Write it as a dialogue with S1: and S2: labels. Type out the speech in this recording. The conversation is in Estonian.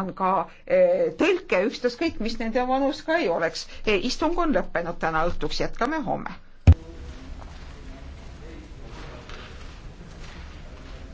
S1: on ka eh, tõlke, ükstaskõik mis nende vanus ka ei oleks. Eh, istung on lõppenud täna õhtuks, jätkame homme.